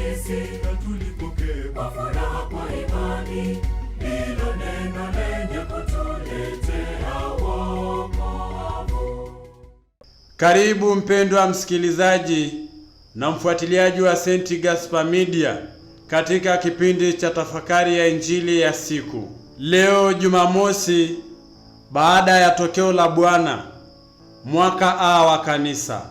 sisi na tulipokee kwa furaha kwa imani hilo neno lenye kutuletea wokovu. Karibu mpendwa msikilizaji na mfuatiliaji wa St. Gaspar Media katika kipindi cha tafakari ya injili ya siku leo Jumamosi, baada ya tokeo la Bwana mwaka A wa Kanisa.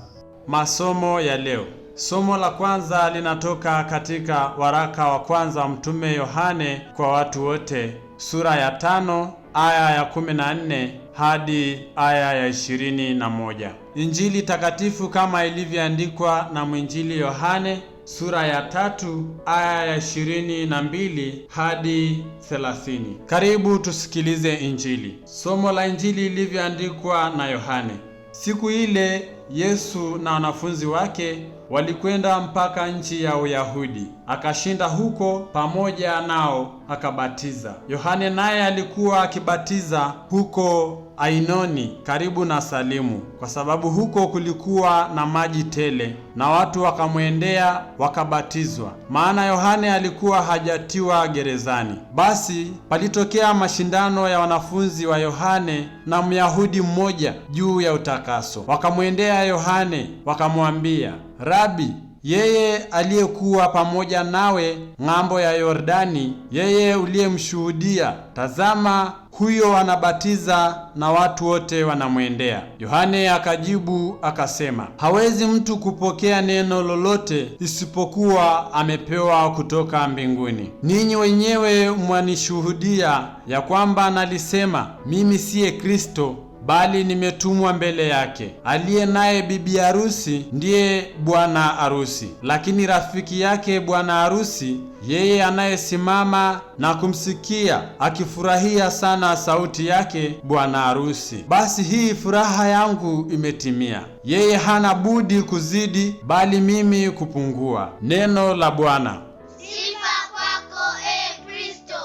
Masomo ya leo Somo la kwanza linatoka katika waraka wa kwanza Mtume Yohane kwa watu wote sura ya tano aya ya kumi na nne hadi aya ya ishirini na moja. Injili takatifu kama ilivyoandikwa na mwinjili Yohane sura ya tatu aya ya ishirini na mbili hadi thelathini. Karibu tusikilize Injili. Somo la Injili ilivyoandikwa na Yohane. Siku ile Yesu na wanafunzi wake walikwenda mpaka nchi ya Uyahudi, akashinda huko pamoja nao akabatiza. Yohane naye alikuwa akibatiza huko Ainoni karibu na Salimu, kwa sababu huko kulikuwa na maji tele, na watu wakamwendea wakabatizwa, maana Yohane alikuwa hajatiwa gerezani. Basi palitokea mashindano ya wanafunzi wa Yohane na Myahudi mmoja juu ya utakaso, wakamwendea ya Yohane wakamwambia, Rabi, yeye aliyekuwa pamoja nawe ng'ambo ya Yordani, yeye uliyemshuhudia, tazama huyo anabatiza na watu wote wanamwendea. Yohane akajibu akasema, hawezi mtu kupokea neno lolote isipokuwa amepewa kutoka mbinguni. Ninyi wenyewe mwanishuhudia ya kwamba nalisema mimi siye Kristo, bali nimetumwa mbele yake. Aliye naye bibi harusi ndiye bwana harusi, lakini rafiki yake bwana harusi yeye anayesimama na kumsikia akifurahia sana sauti yake bwana harusi, basi hii furaha yangu imetimia. Yeye hana budi kuzidi, bali mimi kupungua. Neno la Bwana. Sifa kwako e Kristo.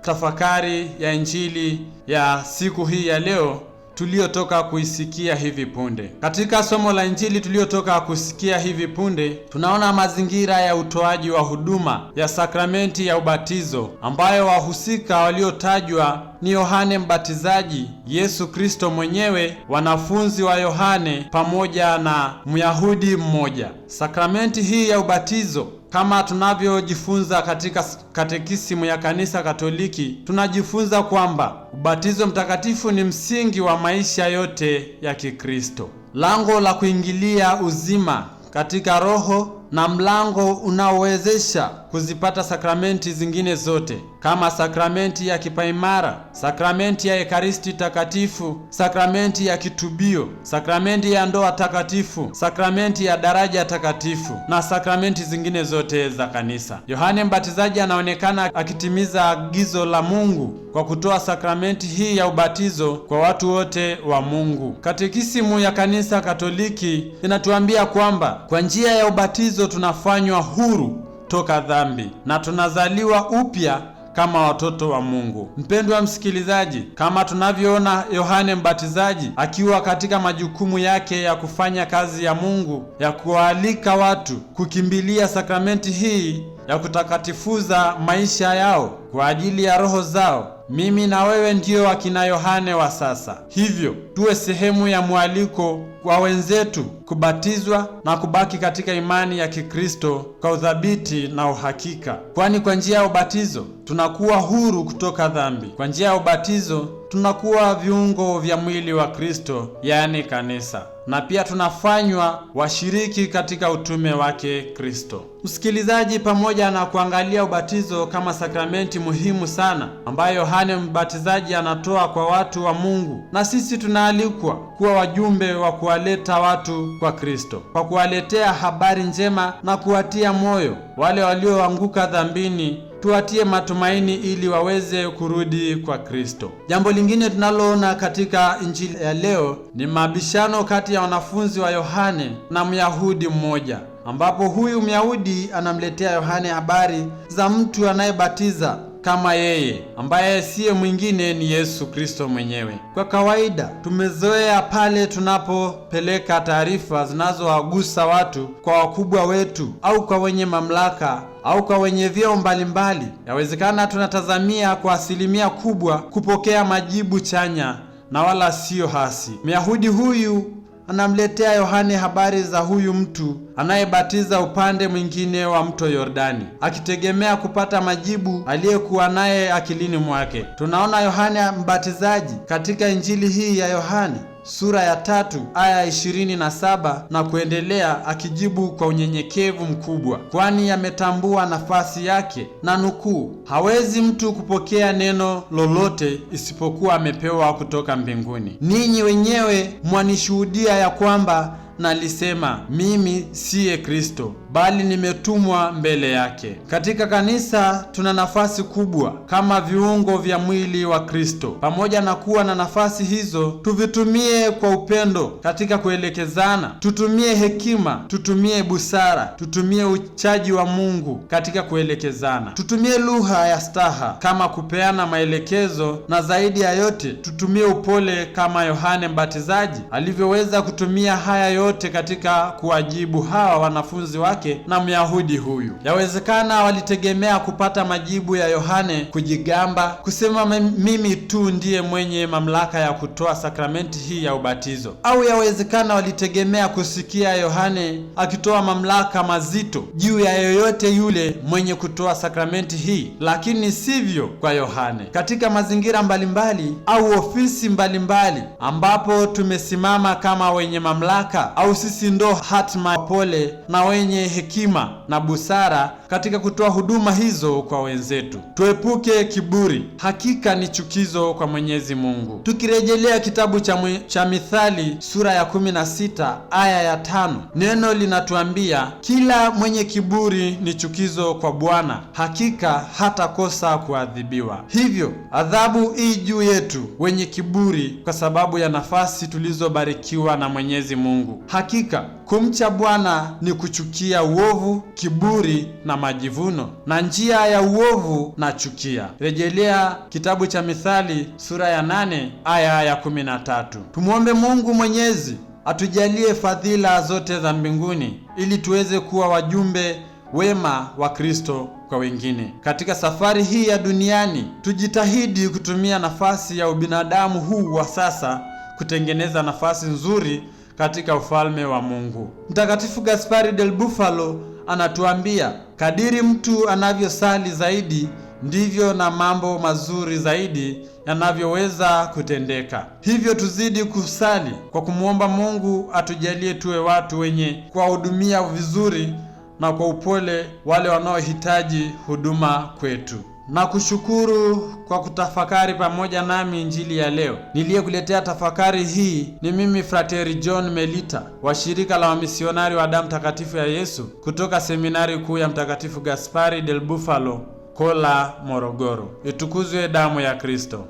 Tafakari ya Injili ya siku hii ya leo tuliyotoka kuisikia hivi punde. Katika somo la Injili tuliyotoka kusikia hivi punde, tunaona mazingira ya utoaji wa huduma ya sakramenti ya ubatizo ambayo wahusika waliotajwa ni Yohane Mbatizaji, Yesu Kristo mwenyewe, wanafunzi wa Yohane pamoja na Myahudi mmoja. Sakramenti hii ya ubatizo kama tunavyojifunza katika katekisimu ya Kanisa Katoliki, tunajifunza kwamba ubatizo mtakatifu ni msingi wa maisha yote ya Kikristo, lango la kuingilia uzima katika roho na mlango unaowezesha kuzipata sakramenti zingine zote kama sakramenti ya kipaimara, sakramenti ya Ekaristi Takatifu, sakramenti ya kitubio, sakramenti ya ndoa takatifu, sakramenti ya daraja takatifu na sakramenti zingine zote za kanisa. Yohane Mbatizaji anaonekana akitimiza agizo la Mungu kwa kutoa sakramenti hii ya ubatizo kwa watu wote wa Mungu. Katekisimu ya Kanisa Katoliki inatuambia kwamba kwa njia ya ubatizo hizo tunafanywa huru toka dhambi na tunazaliwa upya kama watoto wa Mungu. Mpendwa msikilizaji, kama tunavyoona Yohane Mbatizaji akiwa katika majukumu yake ya kufanya kazi ya Mungu ya kuwaalika watu kukimbilia sakramenti hii ya kutakatifuza maisha yao kwa ajili ya roho zao mimi na wewe ndiyo akina Yohane wa sasa, hivyo tuwe sehemu ya mwaliko kwa wenzetu kubatizwa na kubaki katika imani ya Kikristo kwa uthabiti na uhakika, kwani kwa njia ya ubatizo tunakuwa huru kutoka dhambi. Kwa njia ya ubatizo tunakuwa viungo vya mwili wa Kristo, yaani kanisa na pia tunafanywa washiriki katika utume wake Kristo. Msikilizaji, pamoja na kuangalia ubatizo kama sakramenti muhimu sana ambayo Yohane Mbatizaji anatoa kwa watu wa Mungu, na sisi tunaalikwa kuwa wajumbe wa kuwaleta watu kwa Kristo kwa kuwaletea habari njema na kuwatia moyo wale walioanguka dhambini tuatie matumaini ili waweze kurudi kwa Kristo. Jambo lingine tunaloona katika injili ya leo ni mabishano kati ya wanafunzi wa Yohane na Myahudi mmoja, ambapo huyu Myahudi anamletea Yohane habari za mtu anayebatiza kama yeye ambaye siye mwingine ni Yesu Kristo mwenyewe. Kwa kawaida tumezoea pale tunapopeleka taarifa zinazowagusa watu kwa wakubwa wetu au kwa wenye mamlaka au kwa wenye vyeo mbalimbali, yawezekana tunatazamia kwa asilimia kubwa kupokea majibu chanya na wala siyo hasi. Myahudi huyu anamletea Yohane habari za huyu mtu anayebatiza upande mwingine wa mto Yordani, akitegemea kupata majibu aliyekuwa naye akilini mwake. Tunaona Yohane Mbatizaji katika Injili hii ya Yohane sura ya tatu aya 27 na kuendelea, akijibu kwa unyenyekevu mkubwa, kwani ametambua nafasi yake, na nukuu, hawezi mtu kupokea neno lolote isipokuwa amepewa kutoka mbinguni. Ninyi wenyewe mwanishuhudia ya kwamba nalisema mimi siye Kristo bali nimetumwa mbele yake. Katika kanisa tuna nafasi kubwa kama viungo vya mwili wa Kristo. Pamoja na kuwa na nafasi hizo, tuvitumie kwa upendo katika kuelekezana, tutumie hekima, tutumie busara, tutumie uchaji wa Mungu katika kuelekezana, tutumie lugha ya staha kama kupeana maelekezo, na zaidi ya yote tutumie upole kama Yohane Mbatizaji alivyoweza kutumia haya yote katika kuwajibu hawa wanafunzi wake wake na Myahudi huyu. Yawezekana walitegemea kupata majibu ya Yohane kujigamba, kusema mimi tu ndiye mwenye mamlaka ya kutoa sakramenti hii ya ubatizo, au yawezekana walitegemea kusikia Yohane akitoa mamlaka mazito juu ya yoyote yule mwenye kutoa sakramenti hii, lakini sivyo kwa Yohane. Katika mazingira mbalimbali au ofisi mbalimbali ambapo tumesimama kama wenye mamlaka, au sisi ndo hatma pole na wenye hekima na busara katika kutoa huduma hizo kwa wenzetu. Tuepuke kiburi, hakika ni chukizo kwa Mwenyezi Mungu. Tukirejelea kitabu cha, mwe, cha Mithali sura ya 16 aya ya tano, neno linatuambia kila mwenye kiburi ni chukizo kwa Bwana, hakika hatakosa kuadhibiwa. Hivyo adhabu hii juu yetu wenye kiburi, kwa sababu ya nafasi tulizobarikiwa na Mwenyezi Mungu. Hakika kumcha Bwana ni kuchukia uovu, kiburi na majivuno na njia ya uovu na chukia. Rejelea kitabu cha Mithali sura ya nane aya ya kumi na tatu. Tumwombe Mungu Mwenyezi atujalie fadhila zote za mbinguni ili tuweze kuwa wajumbe wema wa Kristo kwa wengine. Katika safari hii ya duniani, tujitahidi kutumia nafasi ya ubinadamu huu wa sasa kutengeneza nafasi nzuri katika ufalme wa Mungu. Mtakatifu Gaspari del Bufalo anatuambia kadiri mtu anavyosali zaidi ndivyo na mambo mazuri zaidi yanavyoweza kutendeka. Hivyo tuzidi kusali kwa kumwomba Mungu atujalie tuwe watu wenye kuwahudumia vizuri na kwa upole wale wanaohitaji huduma kwetu na kushukuru kwa kutafakari pamoja nami injili ya leo. Niliyekuletea tafakari hii ni mimi Frateri John Melita wa shirika la wamisionari wa damu takatifu ya Yesu kutoka seminari kuu ya Mtakatifu Gaspari del Bufalo, Kola, Morogoro. Itukuzwe damu ya Kristo!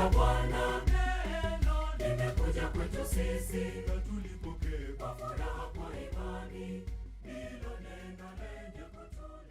la Bwana limekuja kwetu sisi, na tulipokea kwa furaha kwa imani, ndilo neno lenye kutulia